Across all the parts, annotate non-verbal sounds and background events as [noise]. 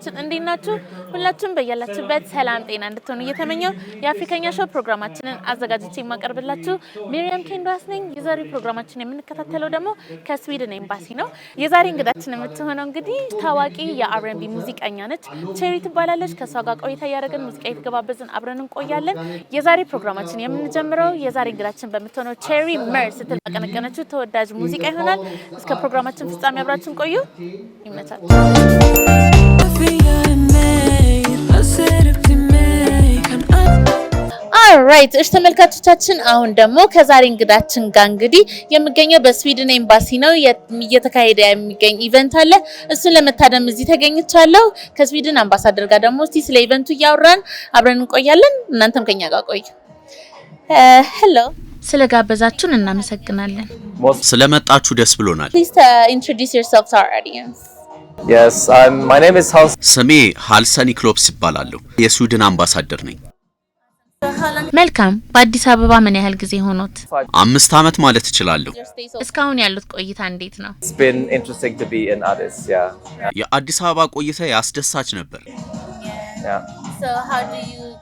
ቤተሰቦቻችን እንዴት ናችሁ? ሁላችሁም በያላችሁበት ሰላም ጤና እንድትሆኑ እየተመኘው የአፍሪከኛ ሾው ፕሮግራማችንን አዘጋጅቼ የማቀርብላችሁ ሚሪያም ኬንዶስ ነኝ። የዛሬ ፕሮግራማችን የምንከታተለው ደግሞ ከስዊድን ኤምባሲ ነው። የዛሬ እንግዳችን የምትሆነው እንግዲህ ታዋቂ የአርኤንቢ ሙዚቀኛ ነች፣ ቼሪ ትባላለች። ከእሷ ጋር ቆይታ እያደረግን ሙዚቃ የተገባበዝን አብረን እንቆያለን። የዛሬ ፕሮግራማችን የምንጀምረው የዛሬ እንግዳችን በምትሆነው ቼሪ መር ስትል ያቀነቀነችው ተወዳጅ ሙዚቃ ይሆናል። እስከ ፕሮግራማችን ፍጻሜ አብራችን ቆዩ። ይመቻል። ራይት እሽ ተመልካቾቻችን፣ አሁን ደግሞ ከዛሬ እንግዳችን ጋር እንግዲህ የሚገኘው በስዊድን ኤምባሲ ነው እየተካሄደ የሚገኝ ኢቨንት አለ። እሱን ለመታደም እዚህ ተገኝቻለሁ። ከስዊድን አምባሳደር ጋር ደግሞ እስቲ ስለ ኢቨንቱ እያወራን አብረን እንቆያለን። እናንተም ከኛ ጋር ቆዩ። ሄሎ፣ ስለ እናመሰግናለን። ስለመጣችሁ ደስ ብሎናል። ፕሊዝ ኢንትሮዲውስ ቱ አወር ኦዲየንስ ስሜ ሀልሰኒ ክሎፕስ ይባላለሁ። የስዊድን አምባሳደር ነኝ። መልካም። በአዲስ አበባ ምን ያህል ጊዜ ሆኖት? አምስት ዓመት ማለት እችላለሁ። እስካሁን ያሉት ቆይታ እንዴት ነው? የአዲስ አበባ ቆይታ ያስደሳች ነበር።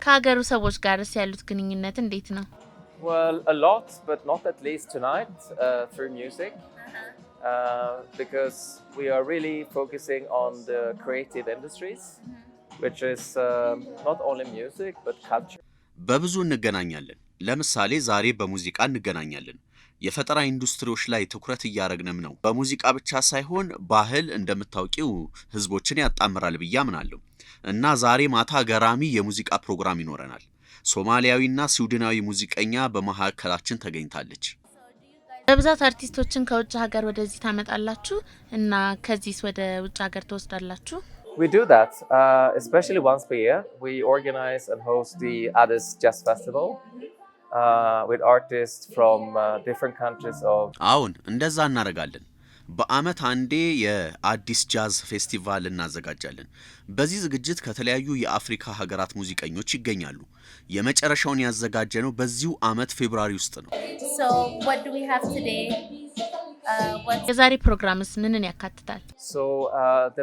ከሀገሩ ሰዎች ጋርስ ያሉት ግንኙነት እንዴት ነው? uh, because we are really focusing on the creative industries, mm-hmm. which is um, not only music but culture. በብዙ እንገናኛለን። ለምሳሌ ዛሬ በሙዚቃ እንገናኛለን። የፈጠራ ኢንዱስትሪዎች ላይ ትኩረት እያደረግንም ነው። በሙዚቃ ብቻ ሳይሆን ባህል እንደምታውቂው ህዝቦችን ያጣምራል ብዬ አምናለሁ እና ዛሬ ማታ ገራሚ የሙዚቃ ፕሮግራም ይኖረናል። ሶማሊያዊና ስዊድናዊ ሙዚቀኛ በመካከላችን ተገኝታለች። በብዛት አርቲስቶችን ከውጭ ሀገር ወደዚህ ታመጣላችሁ እና ከዚህስ ወደ ውጭ ሀገር ትወስዳላችሁ? We do that, uh, especially once per year. We organize and host the Addis Jazz Festival. Uh, with artists from uh, different countries of አሁን እንደዛ እናደርጋለን። በአመት አንዴ የአዲስ ጃዝ ፌስቲቫል እናዘጋጃለን። በዚህ ዝግጅት ከተለያዩ የአፍሪካ ሀገራት ሙዚቀኞች ይገኛሉ። የመጨረሻውን ያዘጋጀ ነው በዚሁ አመት ፌብራሪ ውስጥ ነው። uh, የዛሬ ፕሮግራምስ ምንን ያካትታል? Uh,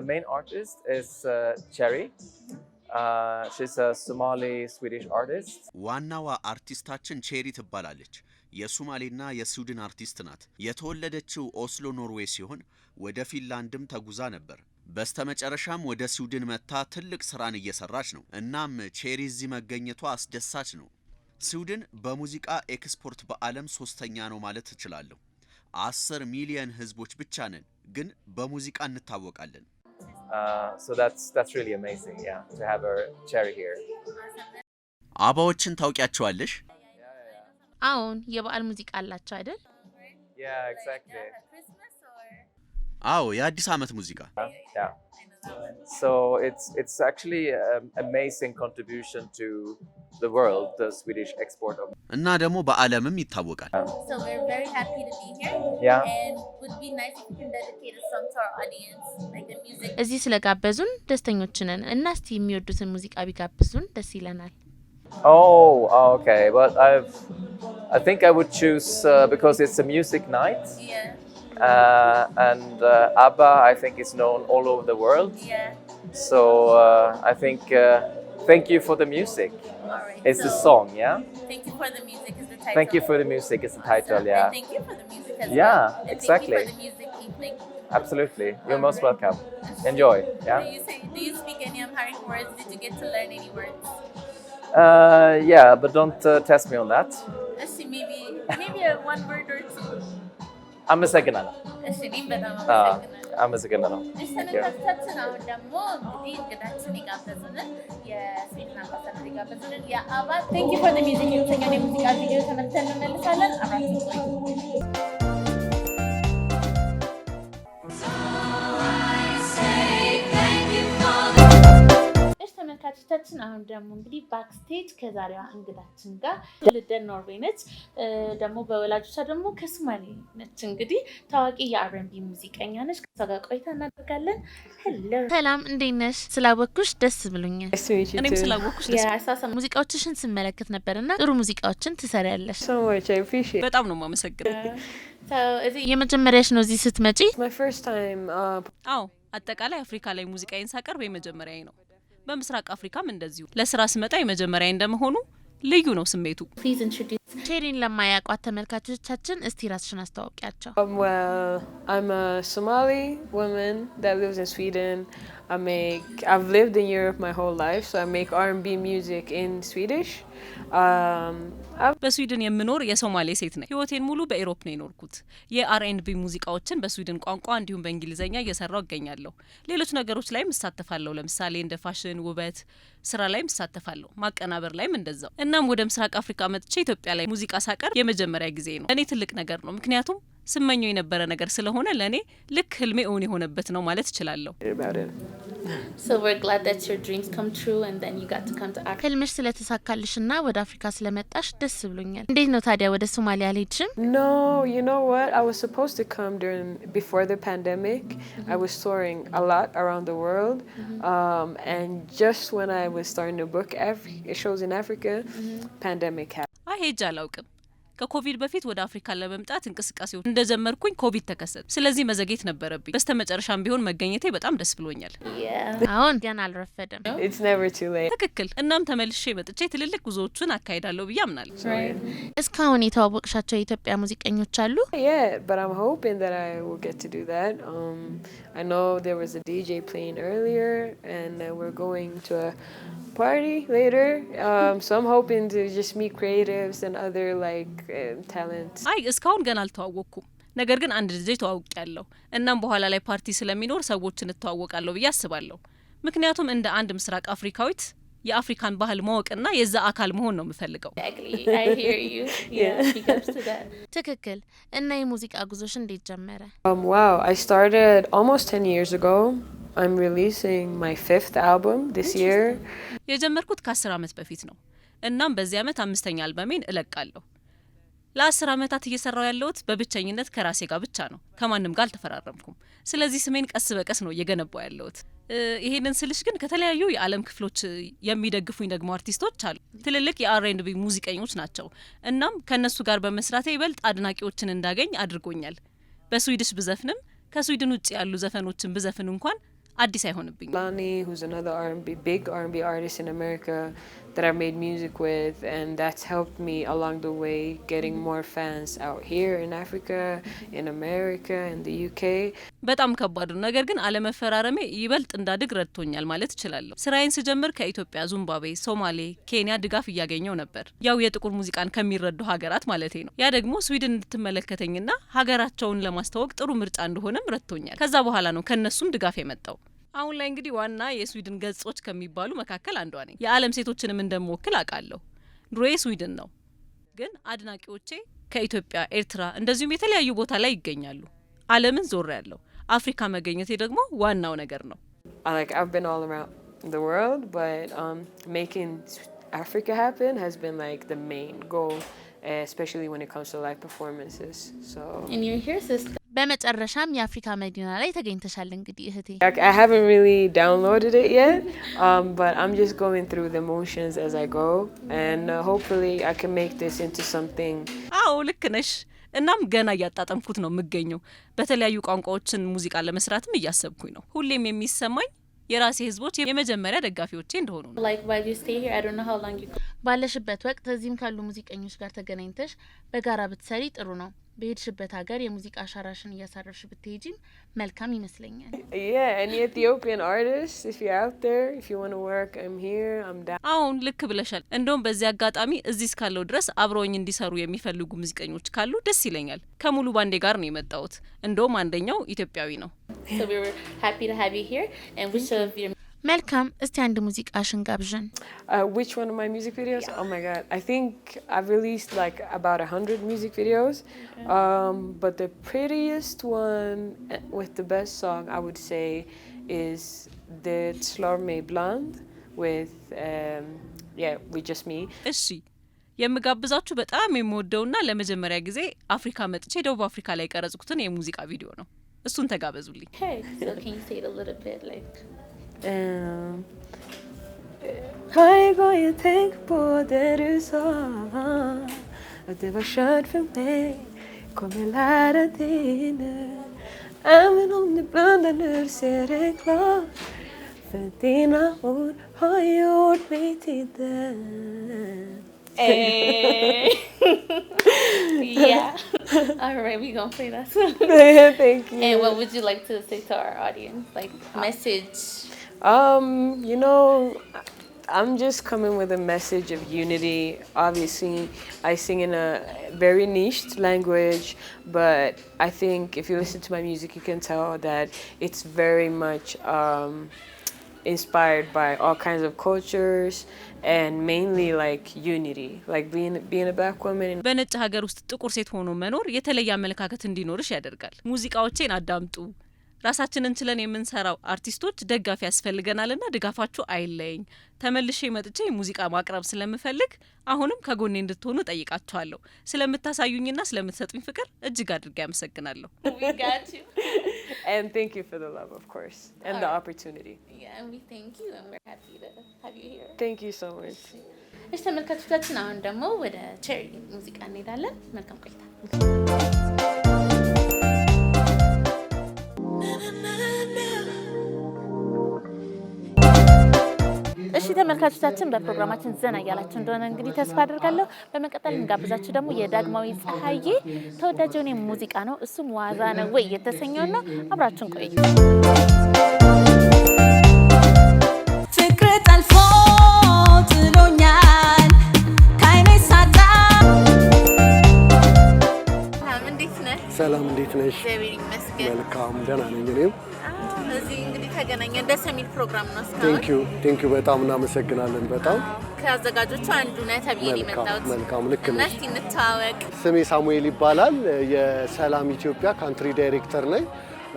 uh, ዋናዋ አርቲስታችን ቼሪ ትባላለች። የሱማሌና የስዊድን አርቲስት ናት። የተወለደችው ኦስሎ ኖርዌይ ሲሆን ወደ ፊንላንድም ተጉዛ ነበር። በስተመጨረሻም ወደ ስዊድን መጥታ ትልቅ ስራን እየሰራች ነው። እናም ቼሪ እዚህ መገኘቷ አስደሳች ነው። ስዊድን በሙዚቃ ኤክስፖርት በዓለም ሶስተኛ ነው ማለት እችላለሁ። አስር ሚሊየን ህዝቦች ብቻ ነን፣ ግን በሙዚቃ እንታወቃለን። አባዎችን ታውቂያቸዋለሽ? አሁን የበዓል ሙዚቃ አላቸው አይደል? አዎ፣ የአዲስ ዓመት ሙዚቃ እና ደግሞ በዓለምም ይታወቃል። እዚህ ስለጋበዙን ደስተኞች ነን እና እስቲ የሚወዱትን ሙዚቃ ቢጋብዙን ደስ ይለናል። Oh, okay. But I've, I think I would choose uh, because it's a music night. Yeah. Uh, and uh, ABBA, I think, is known all over the world. Yeah. So uh, I think uh, thank you for the music. All right, it's so the song, yeah. Thank you for the music is the title. Thank you for the music is the title, awesome. yeah. And thank you for the music as yeah, well. exactly. Thank you for the music Absolutely, you're most welcome. Enjoy. Yeah. Do you, say, do you speak any Amharic words? Did you get to learn any words? Uh, yeah, but don't uh, test me on that. I see, maybe maybe a one word or two. I'm a second ano. Shirin ba naman I'm a second ano. Thank you. Thank you for the music. You sa ganyan music at video sa nagtanong na lasalan. Arat ተመልካቾቻችን አሁን ደግሞ እንግዲህ ባክስቴጅ ከዛሬዋ እንግዳችን ጋር ትውልደ ኖርዌይ ነች፣ ደግሞ በወላጆቿ ደግሞ ከሶማሌ ነች። እንግዲህ ታዋቂ የአርንቢ ሙዚቀኛ ነች። ከሷ ጋር ቆይታ እናደርጋለን። ሰላም፣ እንዴት ነሽ? ስላወኩሽ ደስ ብሎኛል። እኔም ስላወኩሽ ሙዚቃዎችሽን ስመለከት ነበር እና ጥሩ ሙዚቃዎችን ትሰሪያለሽ። በጣም ነው የማመሰግነው። የመጀመሪያሽ ነው እዚህ ስትመጪ? Uh, አዎ፣ አጠቃላይ አፍሪካ ላይ ሙዚቃዬን ሳቀርብ የመጀመሪያ ነው በምስራቅ አፍሪካም እንደዚሁ ለስራ ስመጣ የመጀመሪያ እንደመሆኑ ልዩ ነው ስሜቱ። ቼሪን ለማያውቋት ተመልካቾቻችን እስቲ ራስሽን አስተዋውቂያቸው። um, I make. I've lived in Europe my whole life, so I make R&B music in Swedish. Um, በስዊድን የምኖር የሶማሌ ሴት ነኝ። ህይወቴን ሙሉ በኢሮፕ ነው የኖርኩት። የአርኤንቢ ሙዚቃዎችን በስዊድን ቋንቋ እንዲሁም በእንግሊዝኛ እየሰራው እገኛለሁ። ሌሎች ነገሮች ላይም እሳተፋለሁ። ለምሳሌ እንደ ፋሽን፣ ውበት ስራ ላይም እሳተፋለሁ። ማቀናበር ላይም እንደዛው። እናም ወደ ምስራቅ አፍሪካ መጥቼ ኢትዮጵያ ላይ ሙዚቃ ሳቀር የመጀመሪያ ጊዜ ነው። እኔ ትልቅ ነገር ነው ምክንያቱም ስመኘው የነበረ ነገር ስለሆነ ለእኔ ልክ ህልሜ እውን የሆነበት ነው ማለት እችላለሁ። ህልምሽ ስለተሳካልሽ እና ወደ አፍሪካ ስለመጣሽ ደስ ብሎኛል። እንዴት ነው ታዲያ ወደ ሶማሊያ አልሄድሽም? Um, mm-hmm. አይ ሄጄ አላውቅም ከኮቪድ በፊት ወደ አፍሪካ ለመምጣት እንቅስቃሴዎች እንደጀመርኩኝ ኮቪድ ተከሰተ። ስለዚህ መዘግየት ነበረብኝ። በስተ መጨረሻም ቢሆን መገኘቴ በጣም ደስ ብሎኛል። አሁን ያን አልረፈደም። ትክክል። እናም ተመልሼ መጥቼ ትልልቅ ጉዞዎችን አካሄዳለሁ ብዬ አምናለሁ። እስካሁን የተዋወቅሻቸው የኢትዮጵያ ሙዚቀኞች አሉ? ፓርቲ ሌተር ሶ አም ሆፒንግ ቱ just meet creatives and other like ታለንት um, አይ እስካሁን ገና አልተዋወቅኩም። ነገር ግን አንድ ልጅ ተዋውቅ ያለው እናም በኋላ ላይ ፓርቲ ስለሚኖር ሰዎችን እተዋወቃለሁ ብዬ አስባለሁ። ምክንያቱም እንደ አንድ ምስራቅ አፍሪካዊት የአፍሪካን ባህል ማወቅና የዛ አካል መሆን ነው የምፈልገው። [laughs] ትክክል። እና የሙዚቃ ጉዞሽ እንዴት ጀመረ? ዋው አይ ስታርትድ አም የጀመርኩት ከአስር ዓመት በፊት ነው። እናም በዚህ ዓመት አምስተኛ አልበሜን እለቃለሁ። ለአስር ዓመታት እየሰራው ያለሁት በብቸኝነት ከራሴ ጋር ብቻ ነው። ከማንም ጋር አልተፈራረምኩም። ስለዚህ ስሜን ቀስ በቀስ ነው እየገነባው ያለሁት። ይሄንን ስልሽ ግን ከተለያዩ የዓለም ክፍሎች የሚደግፉኝ ደግሞ አርቲስቶች አሉ። ትልልቅ የአርኤንቢ ሙዚቀኞች ናቸው። እናም ከእነሱ ጋር በመስራቴ ይበልጥ አድናቂዎችን እንዳገኝ አድርጎኛል። በስዊድሽ ብዘፍንም ከስዊድን ውጭ ያሉ ዘፈኖችን ብዘፍን እንኳን አዲስ አይሆንብኝ። that I made music with, and that's helped me along the way getting more fans out here in Africa, in America, in the UK. በጣም ከባድ ነው፣ ነገር ግን አለመፈራረሜ ይበልጥ እንዳድግ ረድቶኛል ማለት እችላለሁ። ስራዬን ስጀምር ከኢትዮጵያ፣ ዙምባብዌ፣ ሶማሌ፣ ኬንያ ድጋፍ እያገኘው ነበር፣ ያው የጥቁር ሙዚቃን ከሚረዱ ሀገራት ማለት ነው። ያ ደግሞ ስዊድን እንድትመለከተኝና ሀገራቸውን ለማስተዋወቅ ጥሩ ምርጫ እንደሆነም ረድቶኛል። ከዛ በኋላ ነው ከእነሱም ድጋፍ የመጣው። አሁን ላይ እንግዲህ ዋና የስዊድን ገጾች ከሚባሉ መካከል አንዷ ነኝ። የዓለም ሴቶችንም እንደምወክል አውቃለሁ። ድሮ ስዊድን ነው፣ ግን አድናቂዎቼ ከኢትዮጵያ፣ ኤርትራ እንደዚሁም የተለያዩ ቦታ ላይ ይገኛሉ። ዓለምን ዞር ያለው አፍሪካ መገኘቴ ደግሞ ዋናው ነገር ነው። በመጨረሻም የአፍሪካ መዲና ላይ ተገኝተሻል። እንግዲህ እህቴ አዎ ልክ ነሽ። እናም ገና እያጣጠምኩት ነው የምገኘው። በተለያዩ ቋንቋዎችን ሙዚቃ ለመስራትም እያሰብኩኝ ነው። ሁሌም የሚሰማኝ የራሴ ህዝቦች የመጀመሪያ ደጋፊዎቼ እንደሆኑ ነው። ባለሽበት ወቅት እዚህም ካሉ ሙዚቀኞች ጋር ተገናኝተሽ በጋራ ብትሰሪ ጥሩ ነው። በሄድሽበት ሀገር የሙዚቃ አሻራሽን እያሳረፍሽ ብትሄጂም መልካም ይመስለኛል። አሁን ልክ ብለሻል። እንደውም በዚህ አጋጣሚ እዚህ እስካለው ድረስ አብረውኝ እንዲሰሩ የሚፈልጉ ሙዚቀኞች ካሉ ደስ ይለኛል። ከሙሉ ባንዴ ጋር ነው የመጣሁት። እንደውም አንደኛው ኢትዮጵያዊ ነው። መልካም፣ እስቲ አንድ ሙዚቃ ሽንጋብዥን። እሺ የምጋብዛችሁ በጣም የምወደውና ለመጀመሪያ ጊዜ አፍሪካ መጥቼ ደቡብ አፍሪካ ላይ የቀረጽኩትን የሙዚቃ ቪዲዮ ነው። እሱን ተጋበዙልኝ። Kaygıya tek på det du sa Och det var kört för mig Kommer lära dig nu Även om du blundar nu ser det klart För dina ord har gjort mig till den Hey. [laughs] yeah. All right, we gonna play that song. [laughs] Thank you. And what would you like to say to our audience? Like message um, you know, I'm just coming with a message of unity. Obviously, I sing in a very niche language, but I think if you listen to my music, you can tell that it's very much um, inspired by all kinds of cultures and mainly like unity, like being being a black woman. በነጭ ሀገር ውስጥ ጥቁር ሴት ሆኖ መኖር የተለየ አመለካከት እንዲኖርሽ ያደርጋል። ሙዚቃዎቼን አዳምጡ ራሳችንን ችለን የምንሰራው አርቲስቶች ደጋፊ ያስፈልገናልና ድጋፋችሁ አይለይኝ። ተመልሼ መጥቼ ሙዚቃ ማቅረብ ስለምፈልግ አሁንም ከጎኔ እንድትሆኑ ጠይቃችኋለሁ። ስለምታሳዩኝና ስለምትሰጡኝ ፍቅር እጅግ አድርጌ አመሰግናለሁ። [laughs] እሺ ተመልካቾቻችን፣ አሁን ደግሞ ወደ ቸሪ ሙዚቃ እንሄዳለን። መልካም ቆይታ እሺ ተመልካቾቻችን በፕሮግራማችን ዘና እያላችሁ እንደሆነ እንግዲህ ተስፋ አድርጋለሁ። በመቀጠል እንጋብዛችሁ ደግሞ የዳግማዊ ፀሐዬ ተወዳጅ የሆነ ሙዚቃ ነው። እሱም ዋዛ ነው ወይ የተሰኘው ነው። አብራችሁን ቆዩ። ሰላም እንዴት ነሽ? መልካም ደህና ነኝ እኔም ስለተገናኘን ደስ የሚል ፕሮግራም ነው። እስካሁን ቴንክ ዩ በጣም እናመሰግናለን። በጣም ከአዘጋጆቹ አንዱ ነህ ተብዬ የመጣሁት። መልካም ልክ ነህ። እስኪ እንተዋወቅ። ስሜ ሳሙኤል ይባላል። የሰላም ኢትዮጵያ ካንትሪ ዳይሬክተር ነኝ።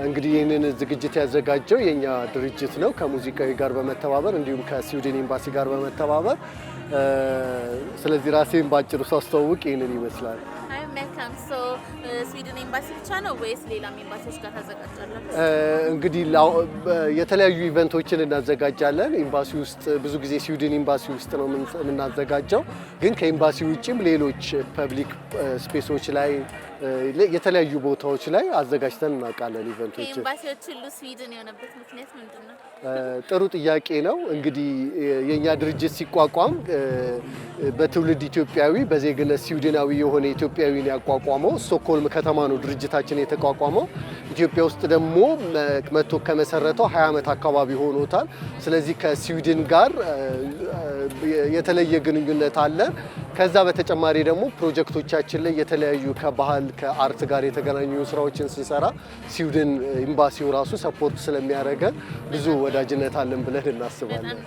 እንግዲህ ይህንን ዝግጅት ያዘጋጀው የኛ ድርጅት ነው ከሙዚቃዊ ጋር በመተባበር እንዲሁም ከስዊድን ኤምባሲ ጋር በመተባበር ስለዚህ ራሴን በአጭሩ ሳስተዋውቅ ይህንን ይመስላል። ስዊድን ኤምባሲ ብቻ ነው ወይስ ሌላም ኤምባሲዎች ጋር ታዘጋጃለን? እንግዲህ የተለያዩ ኢቨንቶችን እናዘጋጃለን። ኤምባሲ ውስጥ ብዙ ጊዜ ስዊድን ኤምባሲ ውስጥ ነው የምናዘጋጀው፣ ግን ከኤምባሲ ውጭም ሌሎች ፐብሊክ ስፔሶች ላይ የተለያዩ ቦታዎች ላይ አዘጋጅተን እናውቃለን። ኢቨንቶች ኤምባሲዎች ሁሉ ስዊድን የሆነበት ምክንያት ምንድን ነው? ጥሩ ጥያቄ ነው። እንግዲህ የእኛ ድርጅት ሲቋቋም በትውልድ ኢትዮጵያዊ በዜግነት ስዊድናዊ የሆነ ኢትዮጵያዊን ያቋቋመው ስቶክሆልም ከተማ ነው ድርጅታችን የተቋቋመው። ኢትዮጵያ ውስጥ ደግሞ መቶ ከመሰረተው 20 ዓመት አካባቢ ሆኖታል። ስለዚህ ከስዊድን ጋር የተለየ ግንኙነት አለ። ከዛ በተጨማሪ ደግሞ ፕሮጀክቶቻችን ላይ የተለያዩ ከባህል ከአርት ጋር የተገናኙ ስራዎችን ስንሰራ ስዊድን ኤምባሲው ራሱ ሰፖርት ስለሚያደርገን ብዙ ወዳጅነት አለን ብለን እናስባለን።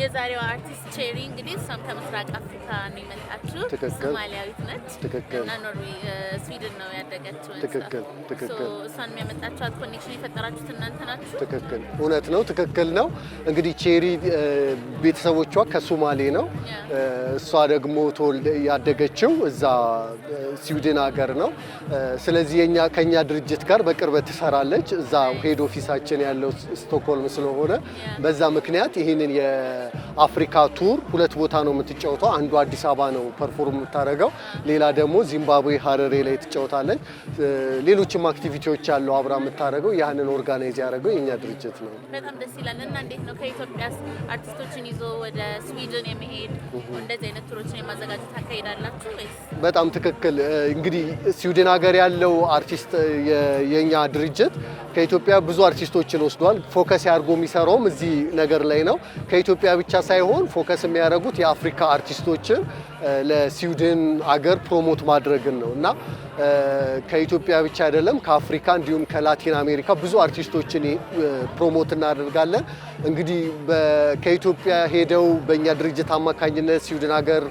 የዛሬው አርቲስት ቼሪ እንግዲህ እሷም ከምስራቅ አፍሪካ ነው የመጣችው። ሶማሊያዊት ነች። ትክክል። እና ኖርዌይ ስዊድን ነው ያደገችው። ትክክል። ትክክል። እሷን የሚያመጣችኋት ኮኔክሽን የፈጠራችሁት እናንተ ናችሁ። ትክክል። እውነት ነው። ትክክል ነው። እንግዲህ ቼሪ ቤተሰቦቿ ከሶማሌ ነው። እሷ ደግሞ ተወልደ ያደገችው እዛ ስዊድን ሀገር ነው። ስለዚህ የኛ ከኛ ድርጅት ጋር በቅርበት ትሰራለች። እዛ ሄድ ኦፊሳችን ያለው ስቶክሆልም ስለሆነ በዛ ምክንያት ይህንን የአፍሪካ ቱር ሁለት ቦታ ነው የምትጫወተው። አንዱ አዲስ አበባ ነው ፐርፎርም የምታደርገው፣ ሌላ ደግሞ ዚምባብዌ ሀረሬ ላይ ትጫወታለች። ሌሎችም አክቲቪቲዎች ያለው አብራ የምታደርገው ያንን ኦርጋናይዝ ያደረገው የኛ ድርጅት ነው። በጣም ደስ ይላል። እና እንዴት ነው ከኢትዮጵያ አርቲስቶችን ይዞ ወደ ስዊድን የመሄድ እንደዚህ አይነት ቱሮችን ማዘጋጀት ታካሂዳላችሁ ወይስ? በጣም ትክክል። እንግዲህ ስዊድን ሀገር ያለው አርቲስት የኛ ድርጅት ከኢትዮጵያ ብዙ አርቲስቶችን ወስዷል። ፎከስ ያድርጎ የሚሰራውም እዚህ ነገር ላይ ነው። ከኢትዮጵያ ብቻ ሳይሆን ፎከስ የሚያደርጉት የአፍሪካ አርቲስቶችን ለስዊድን ሀገር ፕሮሞት ማድረግን ነው እና ከኢትዮጵያ ብቻ አይደለም ከአፍሪካ እንዲሁም ከላቲን አሜሪካ ብዙ አርቲስቶችን ፕሮሞት እናደርጋለን። እንግዲህ ከኢትዮጵያ ሄደው በእኛ ድርጅት አማካኝነት ስዊድን ሀገር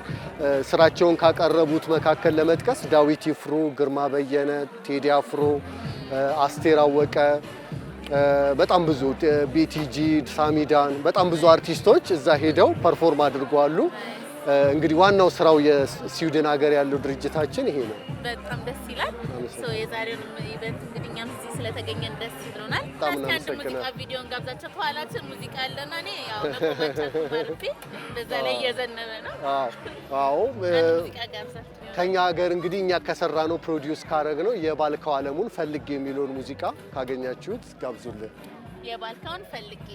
ስራቸውን ካቀረቡት መካከል ለመጥቀስ ዳዊት ይፍሩ፣ ግርማ በየነ፣ ቴዲ አፍሮ፣ አስቴር አወቀ በጣም ብዙ ቤቲጂ፣ ሳሚዳን በጣም ብዙ አርቲስቶች እዛ ሄደው ፐርፎርም አድርገዋሉ። እንግዲህ ዋናው ስራው የስዊድን ሀገር ያለው ድርጅታችን ይሄ ነው። በጣም ደስ ይላል። የዛሬውን ኢቨንት እንግዲህ እኛም እዚህ ስለተገኘን ደስ ይለናል። አንድ ሙዚቃ ቪዲዮን ጋብዛቸው። ከኋላችን ሙዚቃ አለና እኔ በዛ ላይ እየዘነበ ነው። አዎ ከኛ ሀገር እንግዲህ እኛ ከሰራ ነው ፕሮዲውስ ካረግ ነው የባልካው አለሙን ፈልግ የሚለውን ሙዚቃ ካገኛችሁት ጋብዙልን። የባልካውን ፈልጌ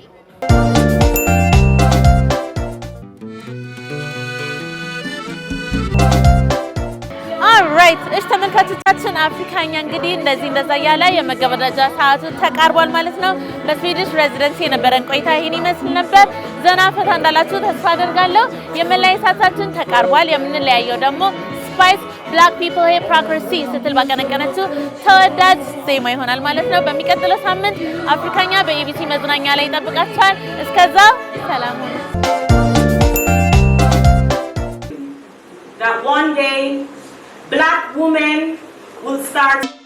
ኦልራይት እሺ ተመልካቾቻችን አፍሪካኛ እንግዲህ እንደዚህ እንደዛ እያለ የመገባደጃ ሰዓቱ ተቃርቧል ማለት ነው። በስዊድሽ ሬዚደንስ የነበረን ቆይታ ይህን ይመስል ነበር። ዘና ፈታ እንዳላችሁ ተስፋ አደርጋለሁ። የመለያየታችን ተቃርቧል። የምንለያየው ደግሞ ስፓይስ ብላክ ፒፕል ሄት ስትል ባቀነቀነችው ተወዳጅ ዜማ ይሆናል ማለት ነው። በሚቀጥለው ሳምንት አፍሪካኛ በኢቢሲ መዝናኛ ላይ ይጠብቃችኋል። እስከዛ ሰላም ሆኑ። black woman will start